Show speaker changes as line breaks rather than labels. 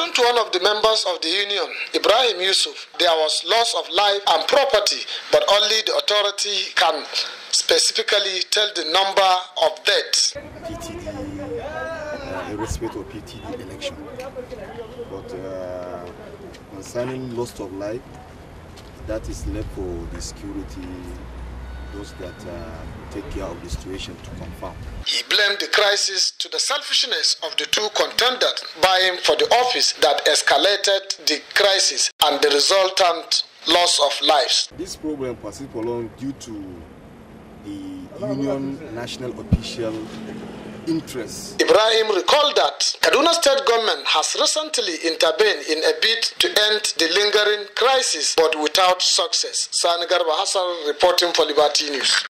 According to one of the members of the union, Ibrahim Yusuf, there was loss of life and property, but only the authority can specifically tell the number of deaths.
PTD, uh, respect of PTD election, but uh, concerning loss of life, that is left for the security those that uh, take care of the situation to confirm.
He blamed the crisis to the selfishness of the two contenders vying for the office that escalated the crisis and the resultant loss of lives.
This problem persists for long due to the union national official interest.
Ibrahim recalled that Kaduna state government has recently intervened in a bid to end the lingering crisis, but without success. Sani Garba Hassan reporting for Liberty News.